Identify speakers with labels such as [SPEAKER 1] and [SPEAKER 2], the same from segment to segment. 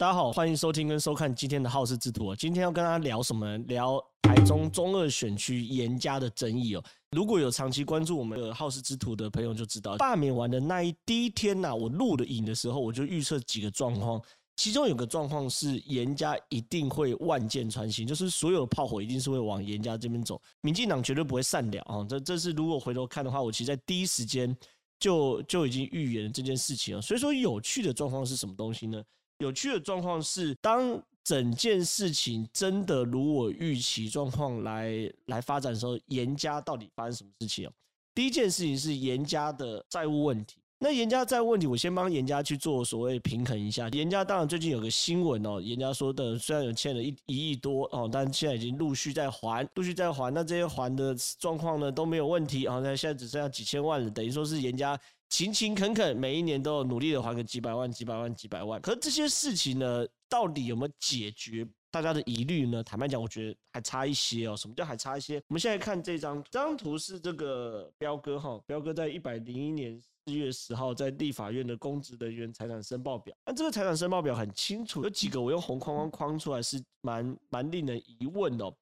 [SPEAKER 1] 大家好，歡迎收聽跟收看今天的《皓事之徒》啊，今天要跟大家聊什麼？聊台中中二選區顏家的爭議哦。如果有長期關注我們的《皓事之徒》的朋友就知道，罷免完的那一第一天啊，我錄的影的時候，我就預測幾個狀況，其中有個狀況是顏家一定會萬箭穿心，就是所有的炮火一定是會往顏家這邊走，民進黨絕對不會善了啊，哦。這這是如果回頭看的話，我其實在第一時間就就已經預言了這件事情了，哦。所以說有趣的狀況是什麼東西呢？有趣的狀況是，當整件事情真的如我預期狀況來來發展的時候，顏家到底發生什麼事情？哦，第一件事情是顏家的債務問題。那顏家債務問題，我先幫顏家去做所謂平衡一下。顏家當然最近有個新聞哦，顏家說的雖然有欠了一一億多哦，但現在已經陸續在還，陸續在還。那這些還的狀況呢都沒有問題啊，哦，那現在只剩下幾千萬了，等於說是顏家。勤勤懇懇，每一年都努力的還個幾百萬、幾百萬、幾百萬。可是這些事情呢，到底有沒有解決大家的疑慮呢？坦白講，我覺得還差一些哦。什麼叫還差一些？我們現在看這張，這張圖是這個彪哥哈、哦，彪哥在一百零一年四月十號在立法院的公職人員財產申報表。那這個財產申報表很清楚，有幾個我用紅框框框出來是蠻，是蠻蠻令人疑問的、哦。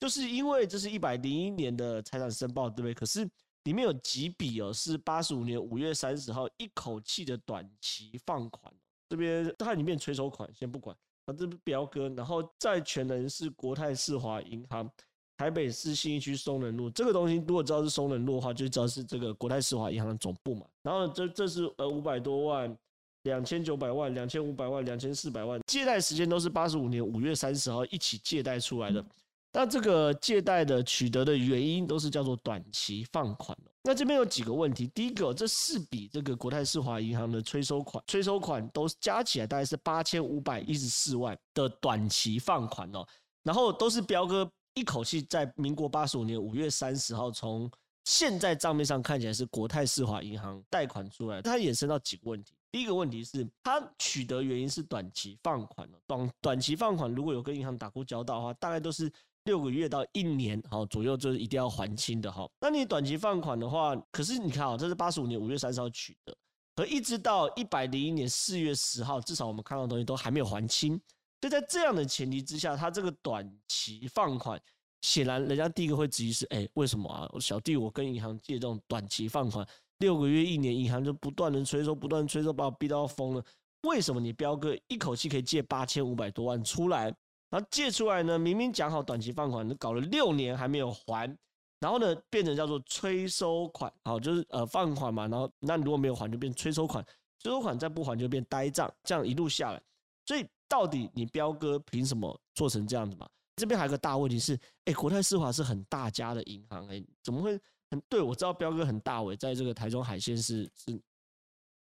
[SPEAKER 1] 就是因為這是一百零一年的財產申報，對不對？可是裡面有幾筆哦，是八十五年五月三十號一口氣的短期放款，這邊它裡面催收款先不管，啊，這不標割，然後債權人是國泰世華銀行，台北市信義區松仁路，這個東西如果知道是松仁路的話，就知道是這個國泰世華銀行的總部嘛。然後這這是呃五百多萬、兩千九百萬、兩千五百萬、兩千四百萬，借貸時間都是八十五年五月三十號一起借貸出來的。嗯那這個借貸的取得的原因都是叫做短期放款哦。那這邊有幾個問題，第一個，這四筆這個國泰世華銀行的催收款，催收款都加起來大概是八千五百一十四萬的短期放款哦。然後都是彪哥一口氣在民國八十五年五月三十號，從現在賬面上看起來是國泰世華銀行貸款出來，它衍生到幾個問題。第一個問題是它取得原因是短期放款短，短期放款如果有跟銀行打過交道的話，大概都是。六個月到一年，哈左右就是一定要還清的哈。那你短期放款的話，可是你看哦，這是八十五年五月三十號取得，可一直到一百零一年四月十號，至少我們看到的東西都還沒有還清。就在這樣的前提之下，他這個短期放款，顯然人家第一個會質疑是：哎，為什麼啊？我小弟我跟銀行借這種短期放款六個月一年，銀行就不斷的催收，不斷催收，把我逼到要瘋了。為什麼你彪哥一口氣可以借八千五百多萬出來？然後借出來呢，明明講好短期放款，搞了六年還沒有還，然後呢變成叫做催收款，好，就是呃放款嘛，然後那你如果沒有還就變催收款，催收款再不還就變呆賬，這樣一路下來，所以到底你標哥憑什麼做成這樣子嘛？這邊還有個大問題是，哎，國泰世華是很大家的銀行哎，怎麼會很對我知道標哥很大尾，在這個台中海線是是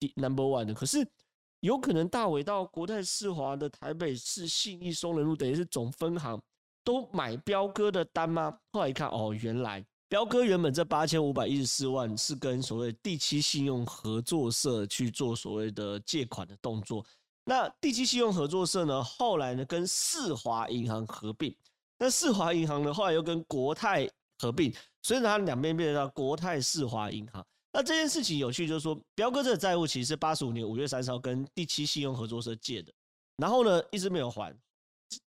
[SPEAKER 1] 第 number one 的，可是，有可能大尾到國泰世華的台北市信義松仁路，等於是總分行都買彪哥的單嗎？後來一看，哦，原來彪哥原本這八千五百一十四萬是跟所謂的第七信用合作社去做所謂的借款的動作。那第七信用合作社呢，後來呢跟世華銀行合併，那世華銀行呢後來又跟國泰合併，所以呢，它兩邊變成國泰世華銀行。那這件事情有趣，就是說，彪哥這個債務其實是八十五年五月三十號跟第七信用合作社借的，然後呢一直沒有還，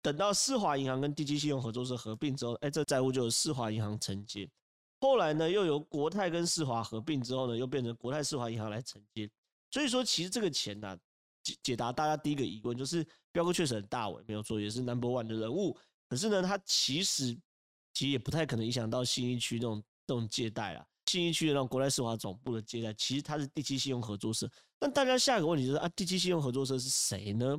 [SPEAKER 1] 等到世華銀行跟第七信用合作社合併之後，哎、欸，這債、個、務就由世華銀行承接。後來呢又由國泰跟世華合併之後呢，又變成國泰世華銀行來承接。所以說，其實這個錢吶、啊，解解答大家第一個疑問就是，彪哥確實很大尾沒有錯，也是 number one 的人物。可是呢，他其實其實也不太可能影響到新一區這種這種借貸啊。信義區讓國泰世華總部的接待，其實它是第七信用合作社。但大家下一個問題就是啊，第七信用合作社是誰呢？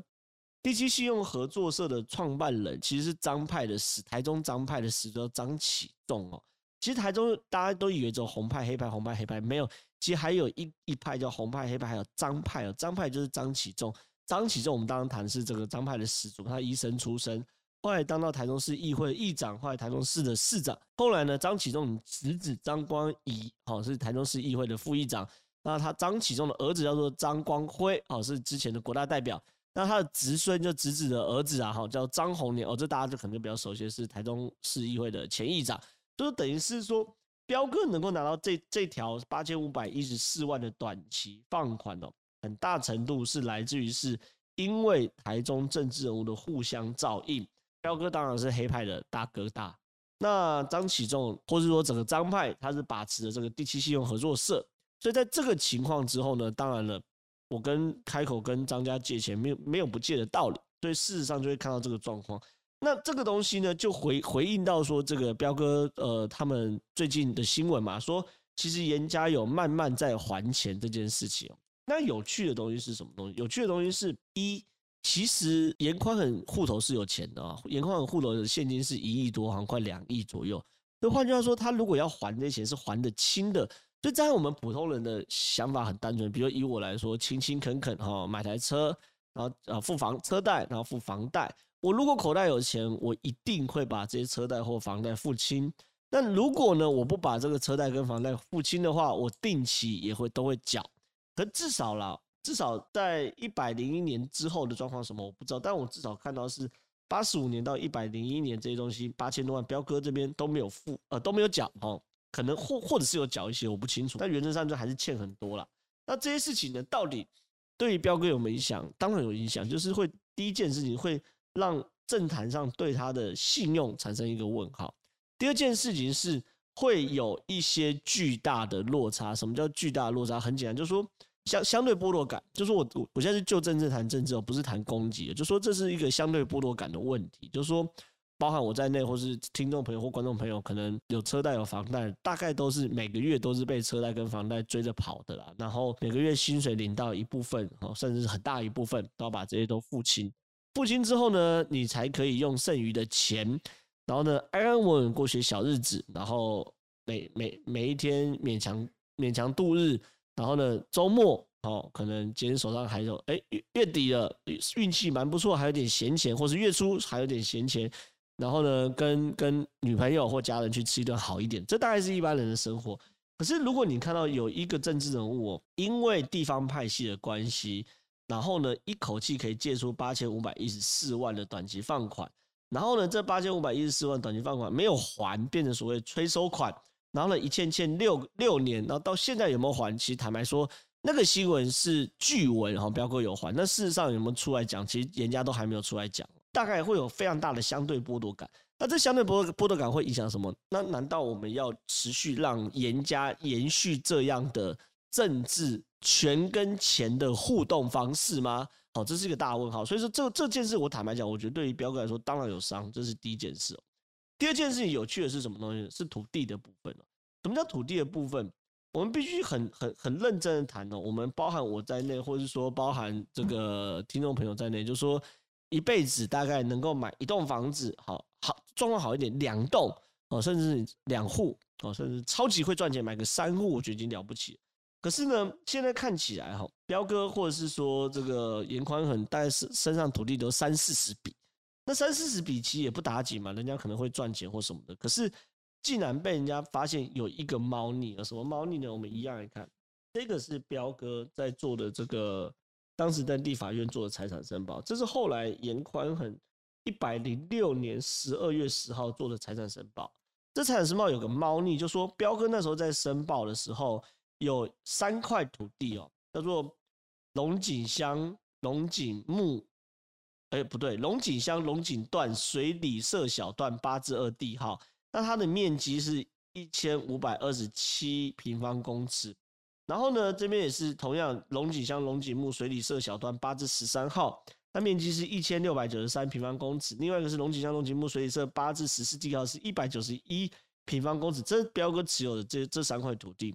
[SPEAKER 1] 第七信用合作社的創辦人其實是張派的始，台中張派的始祖叫張啟仲哦。其實台中大家都以為只有紅派、黑派，紅派、黑派沒有。其實還有一一派叫紅派、黑派，還有張派哦、喔。張派就是張啟仲，張啟仲我們當時談是這個張派的始祖，他醫生出身。後來當到台中市議會議長，後來台中市的市長。後來呢，張啟仲侄子張光儀哦，是台中市議會的副議長。那他張啟仲的兒子叫做張光輝哦，是之前的國大代表。那他的侄孫就侄子的兒子啊哈，叫張宏年哦，這大家就可能就比較熟悉，是台中市議會的前議長。所以等於是說，彪哥能夠拿到這這條八千五百一十四萬的短期放款哦，很大程度是來自於是因為台中政治人物的互相照應。彪哥當然是黑派的大哥大，那張啟仲或是說整個張派，他是把持著這個第七信用合作社，所以在這個情況之後呢，當然了，我跟開口跟張家借錢，沒有沒有不借的道理，所以事實上就會看到這個狀況。那這個東西呢，就回回應到說這個彪哥呃，他們最近的新聞嘛，說其實嚴家有慢慢在還錢這件事情。那有趣的東西是什麼東西？有趣的東西是一。其實顏寬恆戶頭是有錢的啊、哦，顏寬恆戶頭的現金是一億多，好像快兩億左右。所以換句話說，他如果要還這些錢，是還得清的。所以在我們普通人的想法很單純，比如以我來說，勤勤懇懇哈、哦，買台車，然後呃、啊、付房車貸，然後付房貸。我如果口袋有錢，我一定會把這些車貸或房貸付清。但如果呢，我不把這個車貸跟房貸付清的話，我定期也會都會繳，可至少了。至少在一百零一年之後的狀況什麼我不知道，但我至少看到是八十五年到一百零一年這些東西八千多萬，彪哥這邊都沒有付呃，都沒有繳哦，可能或或者是有繳一些我不清楚，但原則上就還是欠很多啦。那這些事情呢，到底對於彪哥有沒有影響？當然有影響，就是會第一件事情會讓政壇上對他的信用產生一個問號。第二件事情是會有一些巨大的落差。什麼叫巨大的落差？很簡單，就是說。相相對剝奪感，就是我我我現在是就政治談政治哦，不是談攻擊，就是說這是一個相對剝奪感的問題，就是說，包含我在內，或是聽眾朋友或觀眾朋友，可能有車貸、有房貸，大概都是每個月都是被車貸跟房貸追着跑的啦。然後每個月薪水領到一部分，哦，甚至是很大一部分，都要把這些都付清。付清之後呢，你才可以用剩餘的錢，然後呢，安安穩穩過些小日子，然後每每每一天勉強勉強度日。然後呢，周末哦，可能今天手上還有，哎，月底了，運氣蠻不錯，還有點閒錢，或是月初還有點閒錢，然後呢，跟跟女朋友或家人去吃一頓好一點，這大概是一般人的生活。可是如果你看到有一個政治人物哦，因為地方派系的關係，然後呢，一口氣可以借出八千五百一十四萬的短期放款，然後呢，這八千五百一十四萬的短期放款沒有還，變成所謂催收款。然後呢，一欠欠六六年，然後到現在有沒有還？其實坦白說，那個新聞是據聞，然彪標哥有還，那事實上有沒有出來講？其實顏家都還沒有出來講，大概會有非常大的相對剝奪感。那這相對剝剝奪感會影響什麼？那難道我們要持續讓顏家延續這樣的政治權跟錢的互動方式嗎？好、哦，這是一個大問號。所以說這這件事，我坦白講，我覺得對於標哥來說，當然有傷，這是第一件事、哦。第二件事情有趣的是什麼東西呢？是土地的部分了、喔。什麼叫土地的部分？我們必須很很很認真的談哦、喔。我們包含我在內，或者說包含這個聽眾朋友在內，就說一輩子大概能夠買一棟房子，好好狀況好一點，兩棟哦，甚至兩戶哦，甚至超級會賺錢買個三戶，我覺得已經了不起了。可是呢，現在看起來哈、喔，彪哥或者是說這個顏寬恆，大概是身上土地都三四十筆。那三四十筆其實也不打緊嘛，人家可能會賺錢或什麼的。可是，竟然被人家發現有一個貓膩。有什麼貓膩呢？我們一樣來看，這個是標哥在做的這個，當時在立法院做的財產申報，這是後來顏寬恆一百零六年十二月十號做的財產申報。這財產申報有個貓膩，就說標哥那時候在申報的時候有三塊土地哦、喔，叫做龍井鄉龍井木。哎，不對，龍井鄉龍井段水裡社小段八至二地號，那它的面積是一千五百二十七平方公尺。然後呢，這邊也是同樣，龍井鄉龍井木水裡社小段八至十三號，它面積是一千六百九十三平方公尺。另外一個是龍井鄉龍井木水裡社八至十四地號，是一百九十一平方公尺。這標哥持有的這這三塊土地，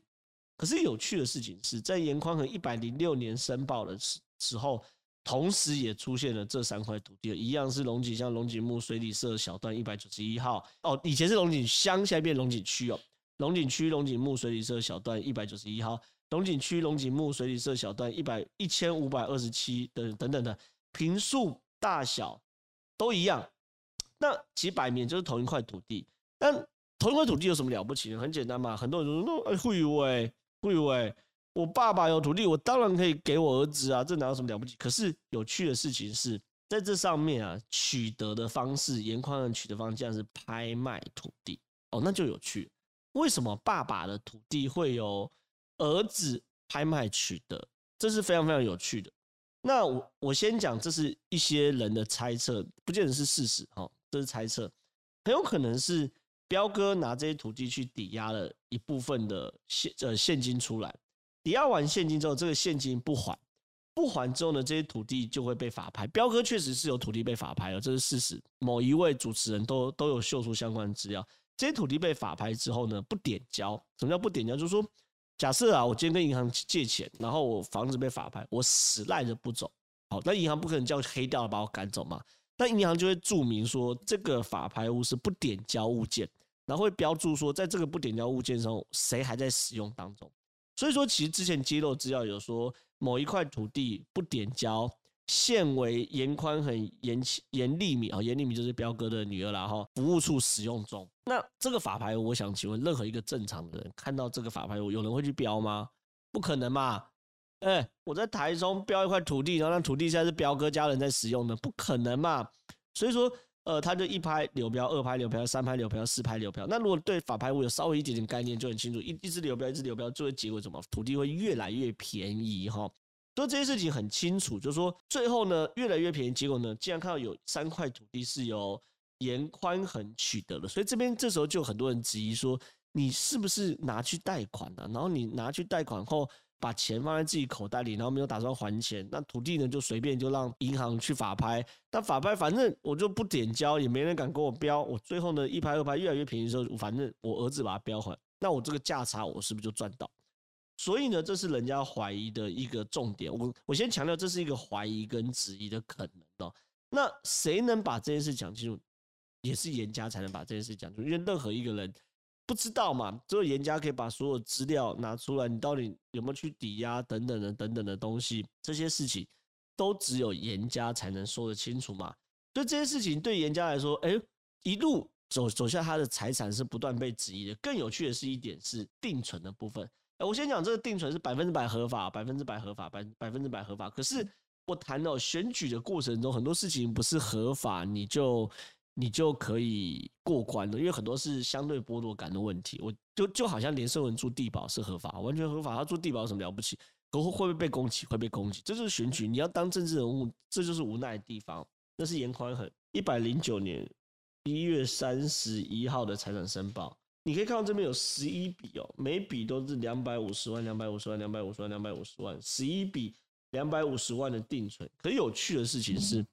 [SPEAKER 1] 可是有趣的事情是在顏寬恆一百零六年申報的時時候。同時也出現了這三塊土地，一樣是龍井鄉龍井木水裡社小段一百九十一號哦，以前是龍井鄉，現在變龍井區哦。龍井區龍井木水裡社小段一百九十一號，龍井區龍井木水裡社小段一百一千五百二十七等等等的，坪數大小都一樣，那幾百面就是同一塊土地，但同一塊土地有什麼了不起呢？很簡單嘛，很多人都說哎，會不會？會不會。我爸爸有土地，我當然可以給我兒子啊，這哪有什麼了不起？可是有趣的事情是，在這上面啊，取得的方式，顏寬恆取得方式是拍賣土地哦，那就有趣。為什麼爸爸的土地會由兒子拍賣取得？這是非常非常有趣的。那我我先講，這是一些人的猜測，不見得是事實哦，這是猜測，很有可能是標哥拿這些土地去抵押了一部分的現呃現金出來。抵押完現金之後，這個現金不還，不還之後呢，這些土地就會被法拍。彪哥確實是有土地被法拍的，這是事實。某一位主持人都都有秀出相關資料。這些土地被法拍之後呢，不點交。什麼叫不點交？就是說，假設啊，我今天跟銀行借錢，然後我房子被法拍，我死賴着不走。好，那銀行不可能叫黑掉了把我趕走嘛？那銀行就會注明說，這個法拍屋是不點交物件，然後會標注說，在這個不點交物件的時候，誰還在使用當中。所以說，其實之前揭露資料有說，某一塊土地不點交，現為顏寬恆、顏、顏莉敏啊，顏、哦、莉敏就是標哥的女兒啦哈，服務處使用中。那這個法拍，我想請問，任何一個正常的人看到這個法拍，有人會去標嗎？不可能嘛？哎，我在台中標一塊土地，然後那土地現在是標哥家人在使用的，不可能嘛？所以說。呃，他就一拍流標，二拍流標，三拍流標，四拍流標。那如果對法拍屋有稍微一點點概念，就很清楚，一一只流標，一只流標，最後結果怎麼？土地會越來越便宜，哈。所以這些事情很清楚，就是說最後呢，越來越便宜。結果呢，竟然看到有三塊土地是由顏寬恆取得的，所以這邊這時候就很多人質疑說，你是不是拿去貸款了啊？然後你拿去貸款後。把錢放在自己口袋裡，然後沒有打算還錢，那土地呢就隨便就讓銀行去法拍，但法拍反正我就不點交，也沒人敢跟我標，我最後呢一拍二拍越來越便宜的時候，反正我兒子把它標回來，那我這個價差我是不是就賺到？所以呢，這是人家懷疑的一個重點。我我先強調，這是一個懷疑跟質疑的可能哦。那誰能把這件事講清楚，也是顏家才能把這件事講清楚，因為任何一個人。不知道嘛，只有顏家可以把所有資料拿出來，你到底有沒有去抵押等等的等等的東西，這些事情都只有顏家才能說得清楚嘛。所以這些事情對顏家來說，哎、欸，一路走走下他的財產是不斷被質疑的。更有趣的是一點是定存的部分，欸、我先講這個定存是百分之百合法，百分之百合法，百百分之百合法。可是我談到選舉的過程中，很多事情不是合法，你就。你就可以過關了，因為很多是相對剝奪感的問題。我就就好像連勝文住帝寶是合法，完全合法。他住帝寶有什麼了不起？會不會被攻擊？會被攻擊？這就是選舉。你要當政治人物，這就是無奈的地方。那是顏寬恆，一百零九年一月三十一號的財產申報，你可以看到這邊有十一筆哦，每筆都是兩百五十萬，兩百五十萬，兩百五十萬，兩百五十萬，十一筆兩百五十萬的定存。很有趣的事情是。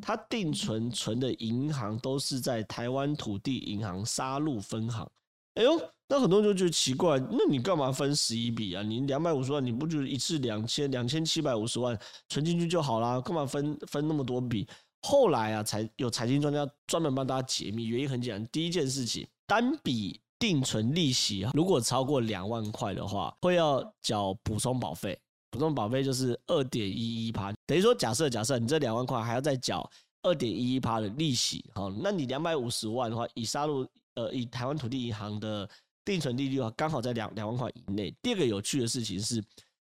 [SPEAKER 1] 他定存存的銀行都是在台灣土地銀行沙鹿分行。哎呦，那很多人就覺得奇怪，那你幹嘛分十一筆啊？你兩百五十萬，你不就是一次兩千兩千七百五十萬存進去就好啦？幹嘛分分那麼多筆？後來啊，才有財經專家專門幫大家解密，原因很簡單，第一件事情，單筆定存利息啊，如果超過兩萬塊的話，會要繳補充保費。普通保費就是二點一一趴，等於說假設假設你這兩萬塊還要再繳二點一一趴的利息，好，那你兩百五十萬的話，以殺入呃以台灣土地銀行的定存利率的話，剛好在兩兩萬塊以內。第二個有趣的事情是，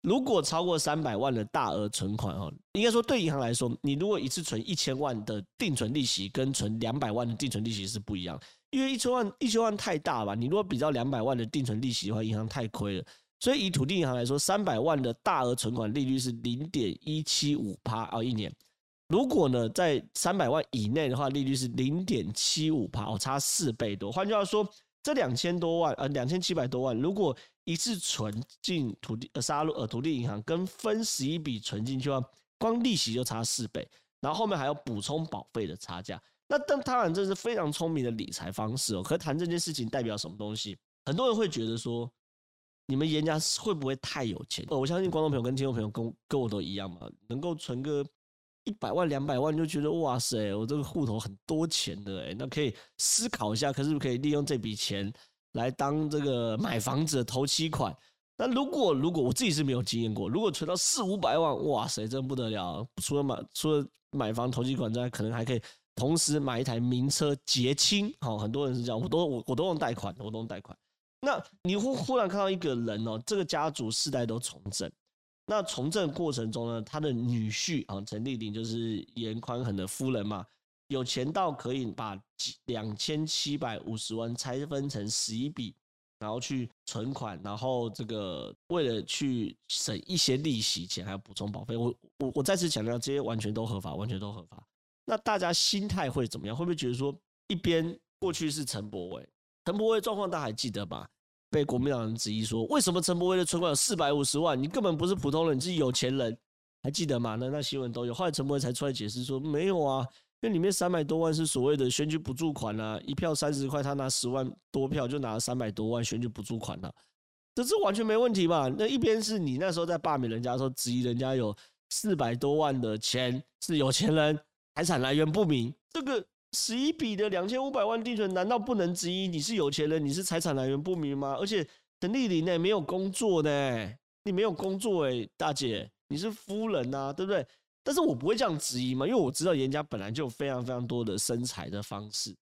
[SPEAKER 1] 如果超過三百萬的大額存款哈，應該說對銀行來說，你如果一次存一千萬的定存利息跟存兩百萬的定存利息是不一樣，因為一千萬一千萬太大了吧，你如果比較兩百萬的定存利息的話，銀行太虧了。所以，以土地銀行來說，三百萬的大額存款利率是零點一七五趴啊，一年。如果呢，在三百萬以內的話，利率是零點七五趴哦，差四倍多。換句話說，這兩千多萬，呃，兩千七百多萬，如果一次存進土地呃沙鹿呃土地銀行跟分十一筆存進去的話，光利息就差四倍，然後後面還要補充保費的差價。那但他當然這是非常聰明的理財方式哦。可談這件事情代表什麼東西？很多人會覺得說，你們顏家會不會太有錢？哦，我相信觀眾朋友跟聽眾朋友跟跟我都一樣嘛，能夠存個一百萬兩百萬就覺得，哇塞，我這個戶頭很多錢的，那可以思考一下，可是不是可以利用這筆錢來當這個買房子的頭期款。那如果如果我自己是沒有經驗過，如果存到四五百萬，哇塞，真不得了，除了買除了買房頭期款之外，可能還可以同時買一台名車結清。好，哦，很多人是這樣，我都我我都用貸款，我都用貸款。那你忽忽然看到一個人哦，這個家族世代都從政。那從政過程中呢，他的女婿啊，陳麗玲就是顏寬恆的夫人嘛，有錢到可以把兩千七百五十萬拆分成十一筆，然後去存款，然後這個為了去省一些利息錢，還要補充保費。我我我再次強調，這些完全都合法，完全都合法。那大家心態會怎麼樣？會不會覺得說，一邊過去是陳柏惟？陳柏惟狀況大家還記得吧？被國民黨人質疑說，為什麼陳柏惟的存款有四百五十萬？你根本不是普通人，你是有錢人，還記得嗎？那那新聞都有。後來陳柏惟才出來解釋說，沒有啊，那裡面三百多萬是所謂的選舉補助款啊，一票三十塊，他拿十萬多票就拿了三百多萬選舉補助款了，啊，這是完全沒問題吧？那一邊是你那時候在罷免人家的時候，質疑人家有四百多萬的錢是有錢人，財產來源不明，這個。十一筆的兩千五百萬定存，難道不能質疑？你是有錢人，你是財產來源不明嗎？而且陳麗玲呢，沒有工作呢、欸，你沒有工作誒、欸，大姐，你是夫人吶、啊，對不對？但是我不會這樣質疑嘛，因為我知道嚴家本來就有非常非常多的生財的方式。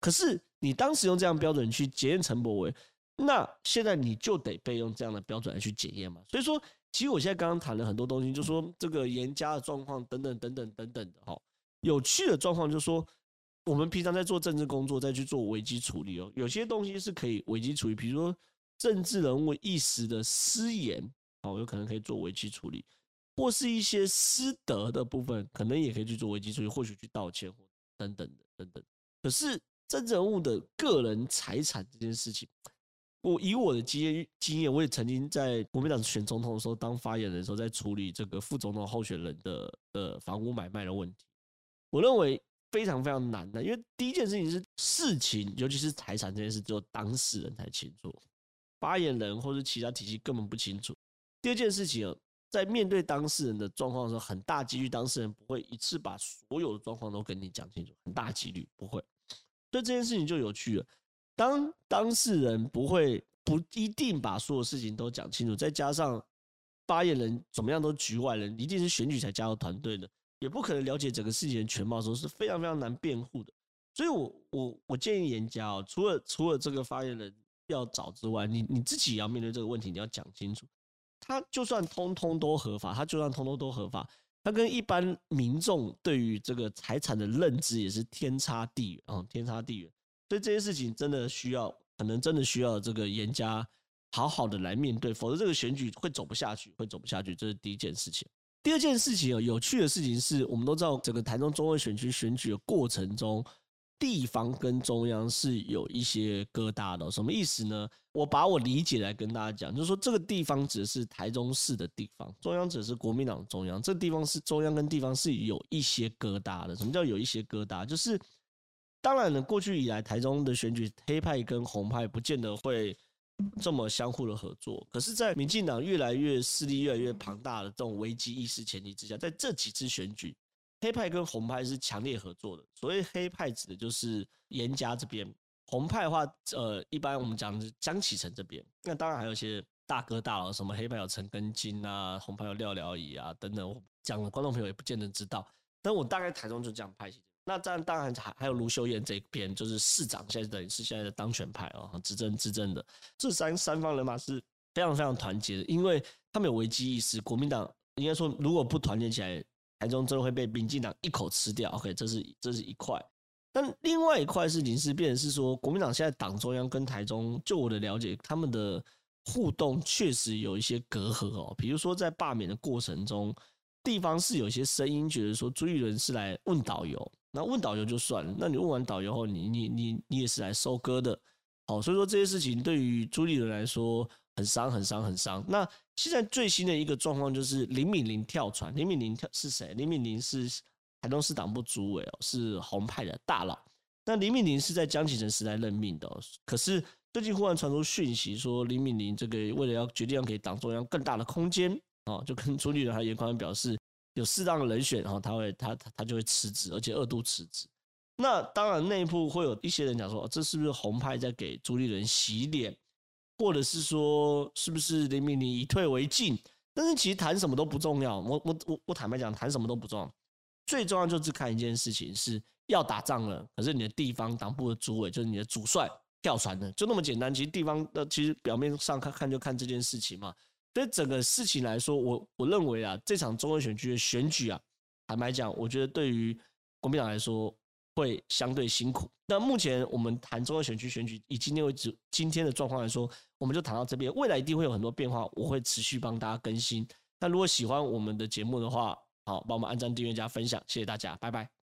[SPEAKER 1] 可是你當時用這樣標準去檢驗陳柏惟，那現在你就得被用這樣的標準來去檢驗嘛。所以說，其實我現在剛剛談了很多東西，就說這個嚴家的狀況等等等等等等的哈、哦，有趣的狀況就是說。我們平常在做政治工作，在去做危機處理哦，有些東西是可以危機處理，比如說政治人物一時的失言哦，有可能可以做危機處理，或是一些私德的部分，可能也可以去做危機處理，或許去道歉或等等的等等。可是政治人物的個人財產這件事情，我以我的經驗經驗，我也曾經在國民黨選總統的時候，當發言人的時候，在處理這個副總統候選人的呃房屋買賣的問題，我認為。非常非常難的，因為第一件事情是事情，尤其是財產這件事，只有當事人才清楚，發言人或者其他體系根本不清楚。第二件事情喔，在面對當事人的狀況的時候，很大幾率當事人不會一次把所有的狀況都跟你講清楚，很大幾率不會。所以這件事情就有趣了，當當事人不會不一定把所有事情都講清楚，再加上發言人怎麼樣都局外人，一定是選舉才加入團隊的。也不可能了解整個事情的全貌，時候是非常非常難辯護的，所以我，我我我建議顏家哦，除了除了這個發言人要找之外，你你自己也要面對這個問題，你要講清楚。他就算通通都合法，他就算通通都合法，他跟一般民眾對於這個財產的認知也是天差地遠啊、嗯，天差地遠。所以這些事情真的需要，可能真的需要這個顏家好好的來面對，否則這個選舉會走不下去，會走不下去，這是第一件事情。第二件事情，有趣的事情是我們都知道，整個台中中二選區選舉的過程中，地方跟中央是有一些疙瘩的。什麼意思呢？我把我理解來跟大家講，就是說這個地方指的是台中市的地方，中央指的是國民黨中央。這個地方是中央跟地方是有一些疙瘩的。什麼叫有一些疙瘩？就是當然了，過去以來台中的選舉黑派跟紅派不見得會，這麼相互的合作，可是，在民進黨越來越勢力、越來越龐大的這種危機意識前提之下，在這幾次選舉，黑派跟紅派是強烈合作的。所謂黑派指的就是顏家這邊，紅派的話，呃，一般我們講的是江啟臣這邊。那當然還有一些大哥大佬，什麼黑派有陳庚金啊，紅派有廖了以啊等等。我講了，觀眾朋友也不見得知道，但我大概台中就這樣派系那但當然還還有盧秀燕這邊，就是市長，現在等於是現在的當權派哦，執政執政的這三三方人馬是非常非常團結的，因為他們有危機意識。國民黨應該說，如果不團結起來，台中真的會被民進黨一口吃掉。OK，這是這是一塊。但另外一塊事情是變成是說，國民黨現在黨中央跟台中，就我的了解，他們的互動確實有一些隔閡哦。比如說在罷免的過程中，地方是有些聲音覺得說，朱立倫是來問導遊。那問導遊就算了，那你問完導遊後你，你你你你也是來收割的，哦，所以說這些事情對於朱立倫來說很傷，很傷，很傷。那現在最新的一個狀況就是林敏霖跳船。林敏霖跳是誰？林敏霖是台中市黨部主委哦，是紅派的大佬。那林敏霖是在江啟臣時代任命的、哦，可是最近忽然傳出訊息說，林敏霖這個為了要決定要給黨中央更大的空間哦，就跟朱立倫還有顏寬表示。有適當的人選，然後他會，他他就會辭職，而且二度辭職。那當然，內部會有一些人講說，這是不是紅派在給朱立倫洗臉，或者是說，是不是林明玲以退為進？但是其實談什麼都不重要。我我我坦白講，談什麼都不重要，最重要就是看一件事情，是要打仗了，可是你的地方黨部的主委就是你的主帥跳船了，就那麼簡單。其實地方的，其實表面上看看就看這件事情嘛。對整個事情來說我，我我認為啊，這場中二選區的選舉啊，坦白講，我覺得對於國民黨來說會相對辛苦。那目前我們談中二選區選舉，以今天為止今天的狀況來說，我們就談到這邊，未來一定會有很多變化，我會持續幫大家更新。那如果喜歡我們的節目的話，好，幫我們按讚、訂閱加分享，謝謝大家，拜拜。